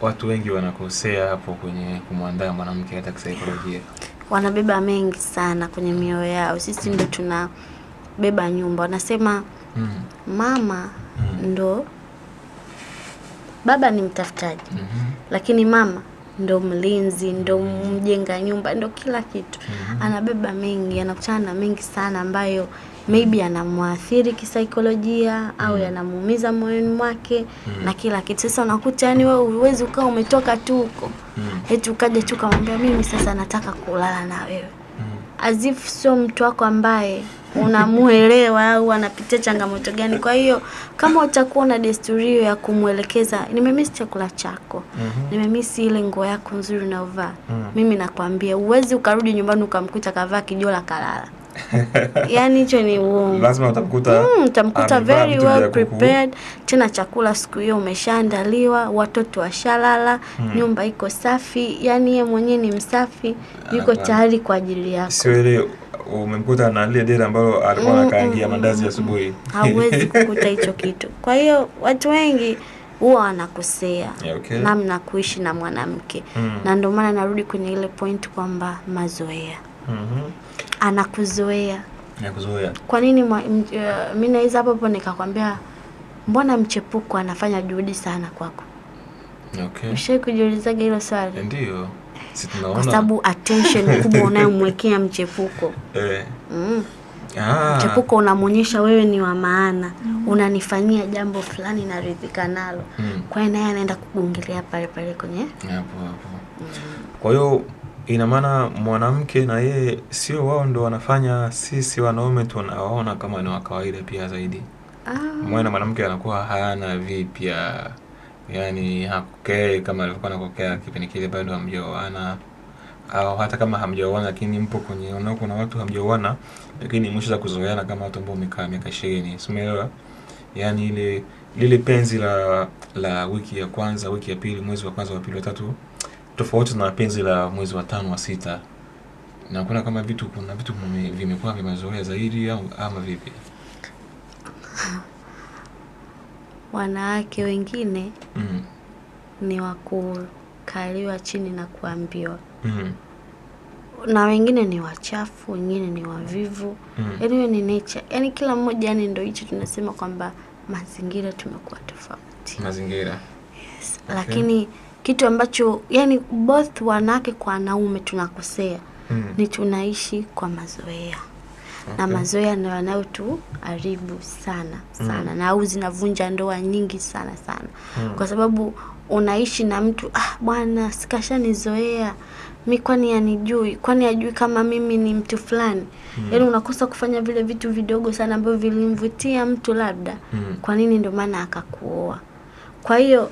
Watu wengi wanakosea hapo kwenye kumwandaa mwanamke hata kisaikolojia, wanabeba mengi sana kwenye mioyo yao. Sisi ndo tunabeba nyumba, wanasema mm mama mm ndo baba ni mtafutaji mm -hmm. lakini mama ndo mlinzi, ndo mm-hmm. mjenga nyumba, ndo kila kitu mm -hmm. anabeba mengi, anakutana na mengi sana ambayo maybe yanamwathiri kisaikolojia au mm. yanamuumiza moyoni mwake mm. na kila kitu. Sasa unakuta yani wewe huwezi ukawa umetoka tu huko mm. eti ukaja tu kamwambia mimi sasa nataka kulala na wewe mm. as if sio mtu wako ambaye unamuelewa au anapitia changamoto gani. Kwa hiyo kama utakuwa na desturi hiyo ya kumwelekeza, nimemisi chakula chako mm -hmm. nimemisi ile nguo yako nzuri unaovaa mm -hmm. mimi nakwambia, huwezi ukarudi nyumbani ukamkuta kavaa kijola kalala yani hicho ni uongo. Lazima utamkuta mm, utamkuta very well prepared. Tena chakula siku hiyo umeshaandaliwa, watoto washalala, mm. nyumba iko safi, yani yeye mwenyewe ni msafi, yuko tayari kwa ajili yako. Sio ile umemkuta na lile dera ambalo alikuwa mm, anakaangia mm, mandazi mm, asubuhi. Mm. Hauwezi kukuta hicho kitu. Kwa hiyo watu wengi huwa wanakosea yeah, okay. namna kuishi na mwanamke mm. na ndio maana narudi kwenye ile point kwamba mazoea mm -hmm anakuzoea anakuzoea. Kwa nini uh, naweza hapo hapo nikakwambia mbona mchepuko anafanya juhudi sana kwako? Okay. Ushai kujiulizaga hilo swali? Ndio. Si tunaona. Kwa sababu attention kubwa unayomwekea mchepuko. Eh. Mm. Ah. Mchepuko unamwonyesha wewe ni wa maana, mm. unanifanyia jambo fulani naridhika nalo. Mm. Kwa hiyo naye anaenda kugungilia pale pale kwenye hapo hapo. Mm. Kwa hiyo ina maana mwanamke na yeye sio wao ndo wanafanya sisi wanaume tunawaona kama ni wa kawaida pia zaidi. Ah. Mwana na mwanamke anakuwa hana vipya, yaani hakokei kama alivyokuwa anakokea kipindi kile bado hamjaoana, au hata kama hamjaoana lakini mpo kwenye unao, kuna watu hamjaoana lakini mwisho za kuzoeana kama watu ambao wamekaa miaka 20. Simeelewa? umeelewa? Yaani ile lile penzi la la wiki ya kwanza, wiki ya pili, mwezi wa kwanza, wa pili, wa tatu tofauti na penzi la mwezi wa tano wa sita, na kuna kama vitu kuna vitu vimekuwa vimezoea zaidi au ama vipi? Wanawake wengine mm. ni wakukaliwa chini na kuambiwa mm. na wengine ni wachafu, wengine ni wavivu mm. yaani hiyo ni nature, yaani kila mmoja, yani ndio hicho tunasema kwamba mazingira tumekuwa tofauti mazingira. Yes. Okay. lakini kitu ambacho yani both wanawake kwa wanaume tunakosea mm. ni tunaishi kwa mazoea okay. na mazoea ndio yanayotuharibu sana hmm. sana mm. na au zinavunja ndoa nyingi sana sana mm. kwa sababu unaishi na mtu ah, bwana sikashanizoea mi kwani anijui kwani ajui kama mimi ni mtu fulani mm. yani unakosa kufanya vile vitu vidogo sana ambavyo vilimvutia mtu labda mm. kwa nini ndio maana akakuoa kwa hiyo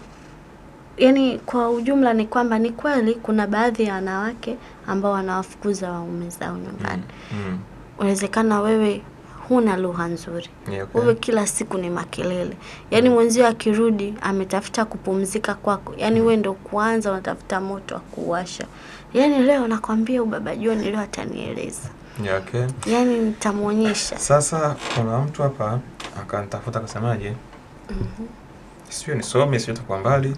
yani kwa ujumla ni kwamba ni kweli kuna baadhi ya wanawake ambao wanawafukuza waume zao nyumbani. unawezekana mm. mm. wewe huna lugha nzuri yeah, okay. Wewe kila siku ni makelele, yani mwenzio akirudi ametafuta kupumzika kwako, yani wewe ndio kwanza unatafuta moto wa kuwasha. Yani leo nakwambia ubaba John leo atanieleza yeah, okay. yani nitamwonyesha. Sasa kuna mtu hapa akanitafuta akasemaje? mm -hmm. Sio nisome sio tukwa mbali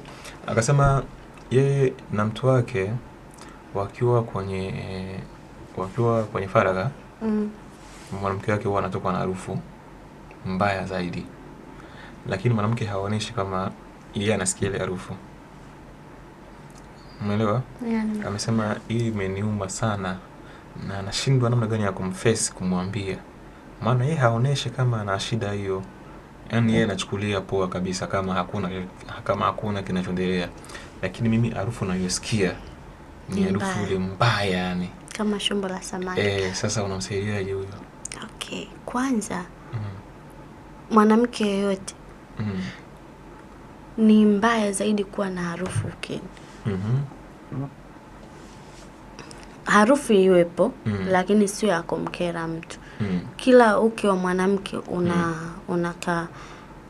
Akasema yeye na mtu wake wakiwa kwenye wakiwa kwenye faragha mm. mwanamke wake huwa anatokwa na harufu mbaya zaidi, lakini mwanamke haonyeshi kama yeye anasikia ile harufu. Umeelewa? Yeah. Amesema hii imeniuma sana na anashindwa namna gani ya kumface kumwambia, maana yeye haonyeshi kama ana shida hiyo yani yeye anachukulia poa kabisa, kama hakuna kama hakuna kinachoendelea, lakini mimi harufu nayosikia ni harufu ile mbaya, yani kama shombo la samaki eh. Sasa unamsaidiaje huyo? Okay, kwanza mm-hmm. mwanamke mm. yoyote mm. Mm-hmm. ni mbaya zaidi kuwa na harufu ukeni mm -hmm. harufu iwepo mm. lakini sio ya kumkera mtu mm. Kila uke wa mwanamke una mm. una ka,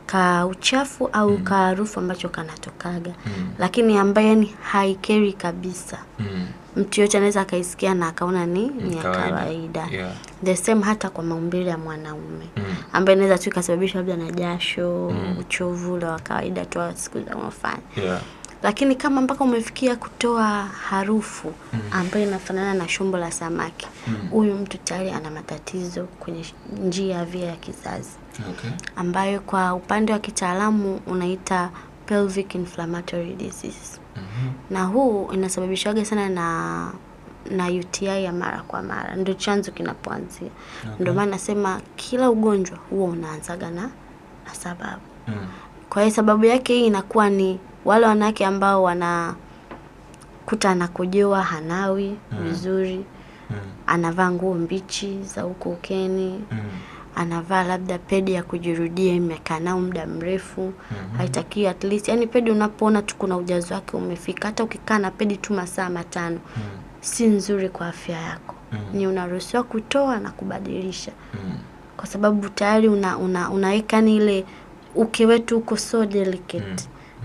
ka uchafu au mm. ka harufu ambacho kanatokaga mm. lakini ambaye ni haikeri kabisa mm. Mtu yote anaweza akaisikia na akaona ni ni ya kawaida yeah. The same hata kwa maumbile ya mwanaume mm. ambaye inaweza tu ikasababisha labda na jasho mm. uchovu ule wa kawaida tu siku za mafanya yeah lakini kama mpaka umefikia kutoa harufu mm. ambayo inafanana na shumbo la samaki mm. huyu mm. mtu tayari ana matatizo kwenye njia ya via ya kizazi okay. ambayo kwa upande wa kitaalamu unaita pelvic inflammatory disease mm -hmm. na huu inasababishwaga sana na na UTI ya mara kwa mara, ndio chanzo kinapoanzia. okay. Ndio maana nasema kila ugonjwa huo unaanzaga na na sababu mm. Kwa hiyo sababu yake hii inakuwa ni wale wanawake ambao wanakuta anakojoa hanawi mm. vizuri mm. anavaa nguo mbichi za huko ukeni mm. anavaa labda pedi ya kujirudia imekaa nao muda mrefu mm -hmm. haitakiwi at least yani pedi unapoona tu kuna ujazo wake umefika hata ukikaa na pedi tu masaa matano mm. si nzuri kwa afya yako mm. ni unaruhusiwa kutoa na kubadilisha mm. kwa sababu tayari una, una, unaweka ni ile uke wetu uko so delicate mm.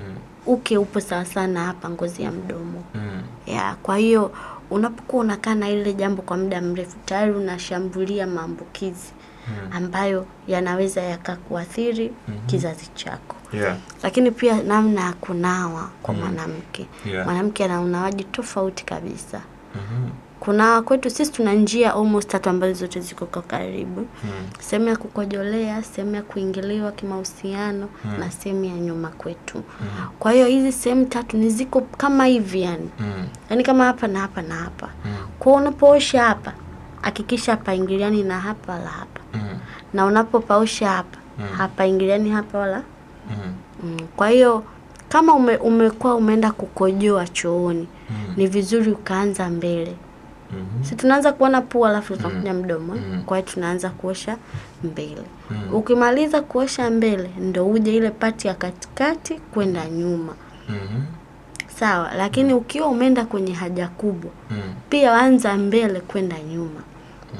Mm. Uke upo sawa sana hapa ngozi ya mdomo mm. Yeah, kwa hiyo unapokuwa unakaa na ile jambo kwa muda mrefu tayari unashambulia maambukizi mm. ambayo yanaweza yakakuathiri mm -hmm. kizazi chako yeah. Lakini pia namna ya kunawa kwa mm. mwanamke mm. yeah. Mwanamke ana unawaji tofauti kabisa -hmm kuna kwetu sisi tuna njia almost tatu ambazo zote ziko kwa karibu hmm. sehemu ya kukojolea, sehemu ya kuingiliwa kimahusiano hmm. na sehemu ya nyuma kwetu hmm. kwa hiyo hizi sehemu tatu ni ziko kama hivi yani hmm. yani kama hapa na hapa na hapa hmm. kwa unapoosha hapa hakikisha hapaingiliani na hapa wala hapa hmm. na unapopaosha hapa hmm. hapaingiliani hapa wala hmm. hmm. kwa hiyo kama ume, umekuwa umeenda kukojoa chooni mm. ni vizuri ukaanza mbele Mm -hmm. Si tunaanza kuona pua alafu mhm. tunakuja mm -hmm. mdomo. Mm -hmm. Kwa hiyo tunaanza kuosha mbele. Mm -hmm. Ukimaliza kuosha mbele ndo uje ile pati ya katikati kwenda mhm. nyuma. Mm -hmm. Sawa, lakini mm -hmm. ukiwa umeenda kwenye haja kubwa mm -hmm. pia anza mbele kwenda nyuma.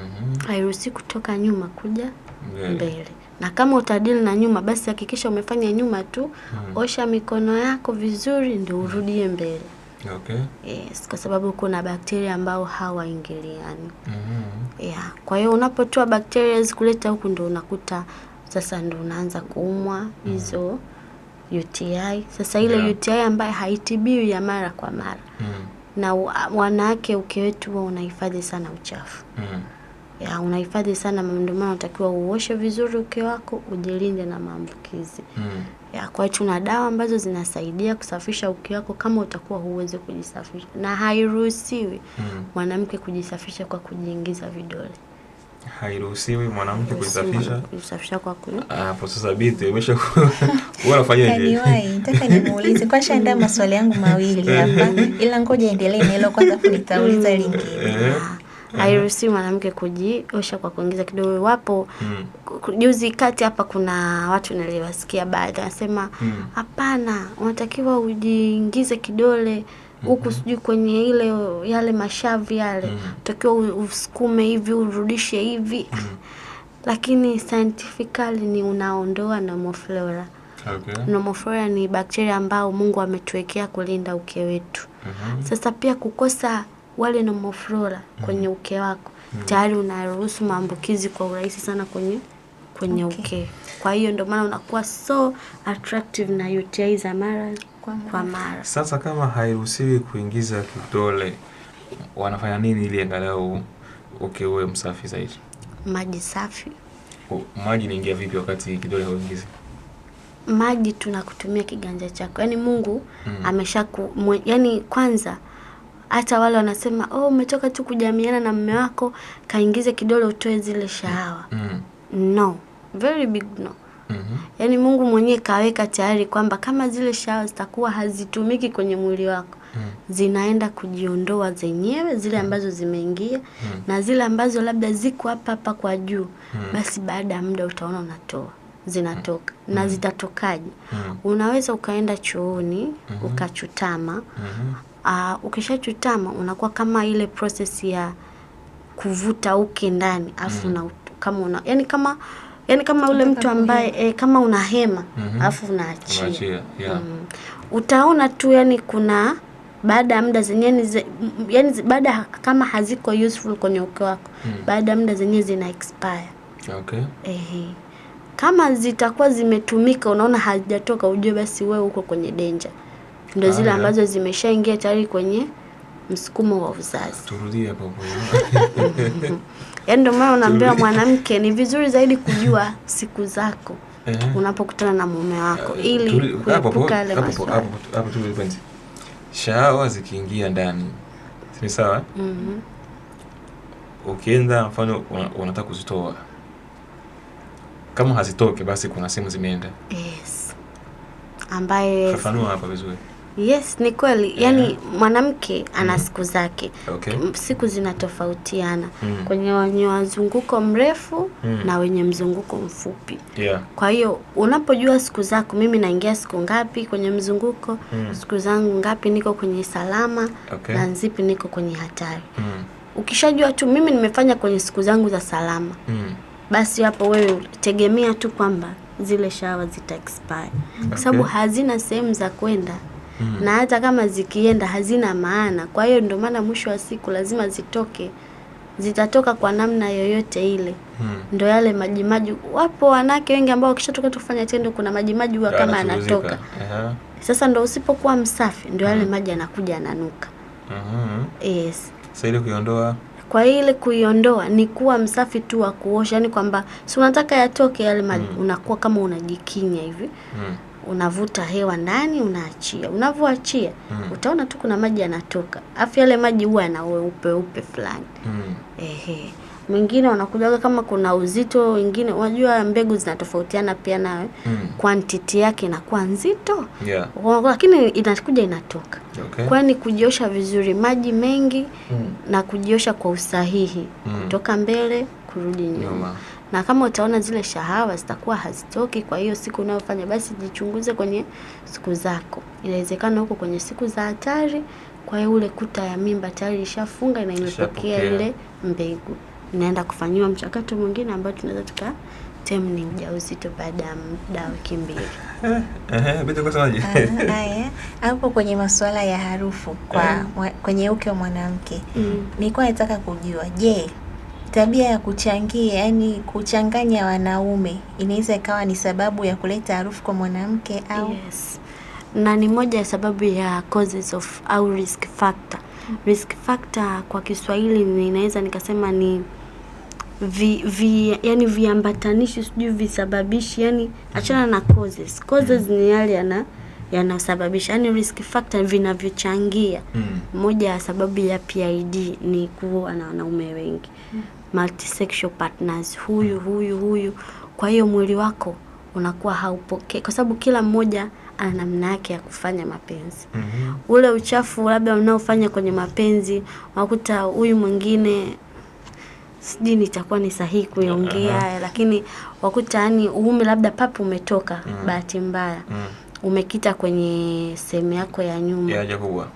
Mm -hmm. Hairuhusi kutoka nyuma kuja mbele. mbele na kama utadili na nyuma basi hakikisha umefanya nyuma tu. mm -hmm. Osha mikono yako vizuri ndio mhm. urudie mbele okay. Yes, kwa sababu kuna bakteria ambao hawaingiliani mm -hmm. yeah. Kwa hiyo unapotoa bakteria zikuleta huku ndo unakuta sasa ndo unaanza kuumwa mm. hizo mm -hmm. UTI sasa ile yeah. UTI ambayo haitibiwi ya mara kwa mara mm -hmm. na wanawake ukiwetu wa unahifadhi sana uchafu mm -hmm ya unahifadhi sana, ndio maana unatakiwa uoshe vizuri uke wako ujilinde na maambukizi mm. ya kwa hiyo tuna dawa ambazo zinasaidia kusafisha uke wako kama utakuwa huwezi kujisafisha, na hairuhusiwi hmm. mwanamke mm. kujisafisha kwa kujiingiza vidole hairuhusiwi mwanamke kujisafisha kujisafisha kwa kuyo. Ah, kwa sasa binti imesha wewe unafanya nini? Nataka nimuulize kwa shaenda maswali yangu mawili hapa, ila ngoja endelee na hilo kwanza, kunitauliza nitauliza lingine. Eh hairuhusiwi mwanamke kujiosha kwa kuingiza kidole. Wapo mm. juzi kati hapa kuna watu niliwasikia baadhi wanasema hmm. hapana, mm. unatakiwa ujiingize kidole hmm. huku sijui kwenye ile yale mashavi yale hmm. utakiwa mm. usukume hivi urudishe hivi mm. lakini scientifically ni unaondoa nomoflora. Okay. Nomoflora ni bakteria ambao Mungu ametuwekea kulinda uke wetu. mm -hmm. Sasa pia kukosa wale na moflora mm. kwenye uke wako mm. tayari unaruhusu maambukizi kwa urahisi sana kwenye kwenye okay. uke. Kwa hiyo ndio maana unakuwa so attractive na UTI za mara kwa, kwa mara. Sasa kama hairuhusiwi kuingiza kidole, wanafanya nini ili angalau uke uwe msafi zaidi? Maji safi. Maji naingia vipi wakati kidole hauingizi? Maji tunakutumia kiganja chako, yaani Mungu mm. amesha ku, mwe, yani kwanza hata wale wanasema oh, umetoka tu kujamiana na mme wako, kaingize kidole utoe zile shahawa mm. mm. No, very big no. Mm -hmm. Yani Mungu mwenyewe kaweka tayari kwamba kama zile shahawa zitakuwa hazitumiki kwenye mwili wako mm. zinaenda kujiondoa zenyewe zile mm. ambazo zimeingia mm. na zile ambazo labda ziko hapa hapa kwa juu mm. basi baada ya muda utaona unatoa zinatoka mm. na mm. zitatokaje? mm. Unaweza ukaenda chooni mm -hmm. ukachutama mm uh, ah, ukishachutama unakuwa kama ile process ya kuvuta uke ndani afu mm. kama una yani kama yani kama ule mtu ambaye e, kama una hema mm -hmm. afu unaachia una yeah. mm. utaona tu yani kuna baada ya muda zenyewe yani baada kama haziko useful kwenye uke wako mm. baada ya muda zenyewe zina expire okay. Ehe. Kama zitakuwa zimetumika unaona hazijatoka, ujue basi wewe uko kwenye danger ndo zile ambazo zimeshaingia tayari kwenye msukumo wa uzazi. Turudie hapo hapo. Mm-hmm. Yaani ndio maana unaambia mwanamke ni vizuri zaidi kujua siku zako eh. unapokutana na mume wako eh, ili kuepuka yale maswali. Hapo tu Shahawa zikiingia ndani. Si sawa? Mhm. Ukienda mfano unataka kuzitoa. Kama hazitoke basi kuna sehemu zimeenda. Yes. Ambaye fafanua hapa vizuri. Yes, ni kweli yaani yeah. Yaani mwanamke ana mm. siku zake okay. Siku zinatofautiana mm. kwenye wenye wazunguko mrefu mm. na wenye mzunguko mfupi yeah. Kwa hiyo unapojua siku zako, mimi naingia siku ngapi kwenye mzunguko mm. siku zangu ngapi niko kwenye salama okay. na nzipi niko kwenye hatari mm. Ukishajua tu mimi nimefanya kwenye siku zangu za salama mm. basi hapo wewe tegemea tu kwamba zile shawa zita expire kwa sababu hazina sehemu za kwenda mm. na hata kama zikienda hazina maana. Kwa hiyo ndio maana mwisho wa siku lazima zitoke, zitatoka kwa namna yoyote ile mm. ndio yale majimaji. Wapo wanawake wengi ambao wakishatoka tu kufanya tendo kuna majimaji huwa kama anatoka uh-huh. Sasa ndio usipokuwa msafi ndio yale mm. maji yanakuja yananuka uh-huh. yes. Sasa ile kuiondoa kwa ile kuiondoa ni kuwa msafi tu wa kuosha, yani kwamba si unataka yatoke yale maji mm. unakuwa kama unajikinya hivi mm unavuta hewa ndani, unaachia. Unavyoachia mm. utaona tu kuna maji yanatoka, afu yale maji huwa yana weupe weupe fulani mm. ehe mwingine unakujaga kama kuna uzito, wengine unajua mbegu zinatofautiana pia nawe mm. quantity yake inakuwa nzito yeah. lakini inakuja inatoka okay. kwani kujiosha vizuri maji mengi mm. na kujiosha kwa usahihi mm. kutoka mbele kurudi nyuma Yuma na kama utaona zile shahawa zitakuwa hazitoki kwa hiyo siku unayofanya, basi jichunguze kwenye siku zako. Inawezekana huko kwenye siku za hatari, kwa hiyo ule kuta ya mimba tayari ishafunga na imepokea ile mbegu, inaenda kufanyiwa mchakato mwingine ambao tunaweza tuka tem ni ujauzito baada ya muda wa wiki mbili. Hapo kwenye masuala ya harufu kwa eh. kwenye uke wa mwanamke, mm. nilikuwa nataka kujua, je, Tabia ya kuchangia, yani kuchanganya wanaume inaweza ikawa ni sababu ya kuleta harufu kwa mwanamke au Yes. Na ni moja ya sababu ya causes of au risk factor. Risk factor kwa Kiswahili ninaweza nikasema ni vi, vi, yani viambatanishi sijui visababishi yani achana na causes. Causes ni yale yana yanasababisha yani risk factor vinavyochangia. Mm. Moja ya sababu ya PID ni kuwa na wanaume wengi. Mm multisexual partners, huyu huyu huyu. Kwa hiyo mwili wako unakuwa haupokei, kwa sababu kila mmoja ana namna yake ya kufanya mapenzi mm -hmm. Ule uchafu labda unaofanya kwenye mapenzi, unakuta huyu mwingine sijui nitakuwa ni sahihi kuiongea uh -huh. Lakini wakuta yani uume labda papo umetoka uh mhm. -huh. bahati mbaya uh mhm. -huh. umekita kwenye sehemu yako ya nyuma ya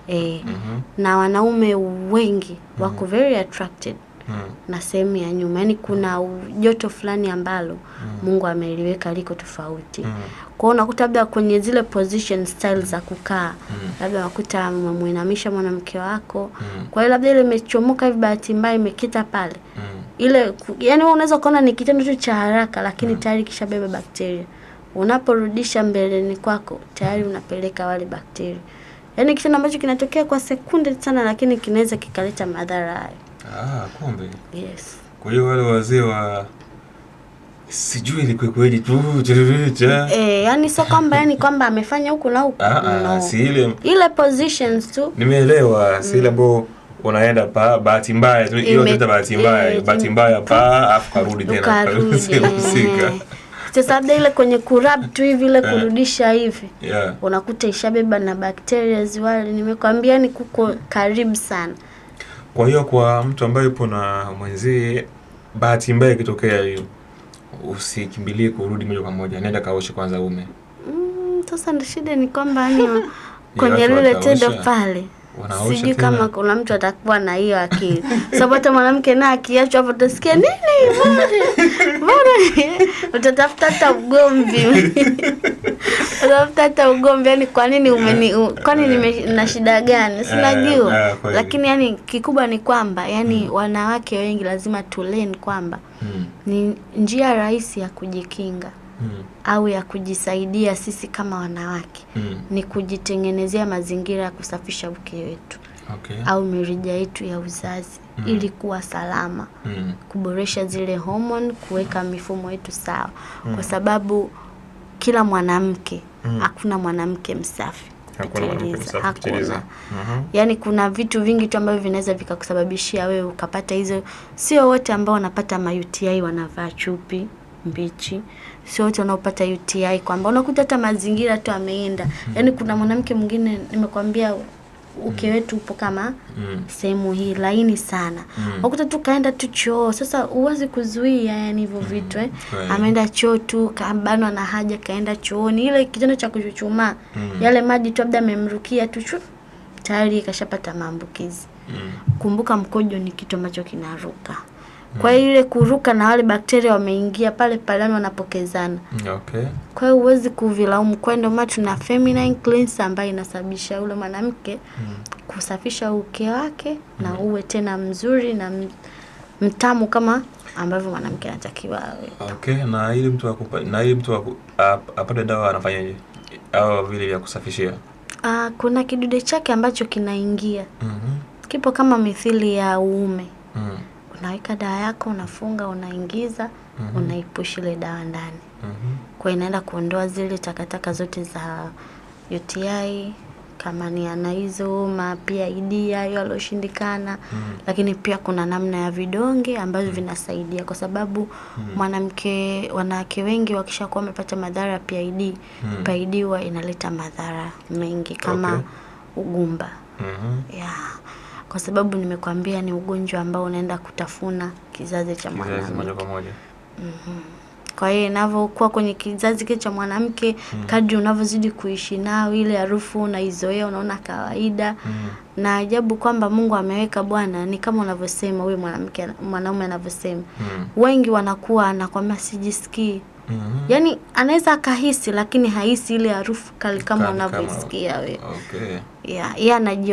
e. uh -huh. na wanaume wengi wako uh mhm. -huh. very attracted mm. na sehemu ya nyuma, yaani kuna joto fulani ambalo mm. Mungu ameliweka liko tofauti mm. Kwa hiyo unakuta labda kwenye zile position style za kukaa mm. labda unakuta umemwinamisha mwanamke wako mm. kwa hiyo labda ile imechomoka hivi, bahati mbaya imekita pale mm. ile, yaani wewe unaweza ukaona ni kitendo tu cha haraka, lakini mm. tayari kishabeba bakteria. Unaporudisha mbeleni kwako tayari unapeleka wale bakteria, yaani kitendo ambacho kinatokea kwa sekunde sana, lakini kinaweza kikaleta madhara hayo. Ah, kumbe. Yes. Kwa hiyo wale wazee wa sijui ilikuwa kweli tu cha eh, yani sio kwamba yani kwamba amefanya huku na huku ah, ah no. si ile ile positions tu nimeelewa, si ile mm. ambayo unaenda pa bahati mbaya tu, hiyo ndio bahati mbaya, eh, eh, bahati eh. mbaya pa afu karudi tena usika sasa labda ile kwenye kurab tu hivi ile kurudisha hivi yeah. Unakuta ishabeba na bacteria wale, nimekwambia ni kuko karibu sana. Kwa hiyo kwa mtu ambaye yupo na mwenzie, bahati mbaya ikitokea hiyo, usikimbilie kurudi moja kwa moja, nenda kaoshe kwanza ume. Mm, sasa ndo shida ni kwamba yaani, kwenye lile tendo pale Sijui kama kuna mtu atakuwa na hiyo akili sababu hata mwanamke naye akiachwa hapo utasikia nini, mbona utatafuta hata ugomvi utatafuta hata ugomvi, yani kwa nini umeni, kwani nina shida gani? Eh, Sinajua, eh, lakini yani kikubwa ni kwamba yani mm. wanawake wengi lazima tulen kwamba mm. ni njia rahisi ya kujikinga mm. au ya kujisaidia sisi kama wanawake mm. ni kujitengenezea mazingira ya kusafisha uke wetu okay. au mirija yetu ya uzazi mm. ili kuwa salama mm. kuboresha zile homoni, kuweka hmm. mifumo yetu sawa mm. kwa sababu kila mwanamke mm. hakuna mwanamke msafi Hakuna. uh Yaani kuna vitu vingi tu ambavyo vinaweza vikakusababishia wewe ukapata hizo. Sio wote ambao wanapata mauti wanavaa chupi mbichi sio wote wanaopata UTI, kwamba unakuta hata mazingira tu ameenda mm. Yani kuna mwanamke mwingine nimekwambia uke hmm. wetu upo kama mm. sehemu hii laini sana mm. wakuta tu kaenda tu choo. Sasa huwezi kuzuia yani hivyo hmm. vitu eh. Ameenda choo tu kabanwa na haja kaenda chooni, ile kitendo cha kuchuchumaa mm. yale maji tu labda amemrukia tu tayari kashapata maambukizi mm. Kumbuka mkojo ni kitu ambacho kinaruka kwa hiyo ile kuruka na wale bakteria wameingia pale pale wanapokezana. Okay. Kwa hiyo huwezi kuvilaumu. Kwa hiyo ndio maana tuna feminine cleanse ambayo inasababisha yule mwanamke mm. kusafisha uke wake mm. na uwe tena mzuri na mtamu kama ambavyo mwanamke anatakiwa awe. Okay, na ili mtu wakupa, na ili mtu apate dawa anafanyaje? Au vile vya kusafishia? Ah, kuna kidude chake ambacho kinaingia. Mm Kipo kama mithili ya uume. Mm unaweka dawa yako, unafunga, unaingiza mm -hmm. unaipush ile dawa ndani mm -hmm. kwa inaenda kuondoa zile takataka zote za UTI kama ni anaizoma pia idi hayo alioshindikana mm. Lakini pia kuna namna ya vidonge ambavyo mm. vinasaidia kwa sababu mm. mwanamke, wanawake wengi wakishakuwa wamepata madhara ya PID mm. PID huwa inaleta madhara mengi kama okay. ugumba mm -hmm. yeah kwa sababu nimekwambia ni ugonjwa ambao unaenda kutafuna kizazi cha mwanamke. moja Kwa moja. Mhm. Kwa hiyo inavyokuwa kwenye kizazi kile cha mwanamke mm. kadri unavyozidi kuishi nao, ile harufu unaizoea, unaona kawaida mm. na ajabu kwamba Mungu ameweka Bwana, ni kama unavyosema huyu mwanamke mwanaume anavyosema mm. wengi wanakuwa anakwambia sijisikii mm -hmm. yaani anaweza akahisi, lakini haisi ile harufu kali kama unavyosikia wewe okay. yeah, yeye yeah,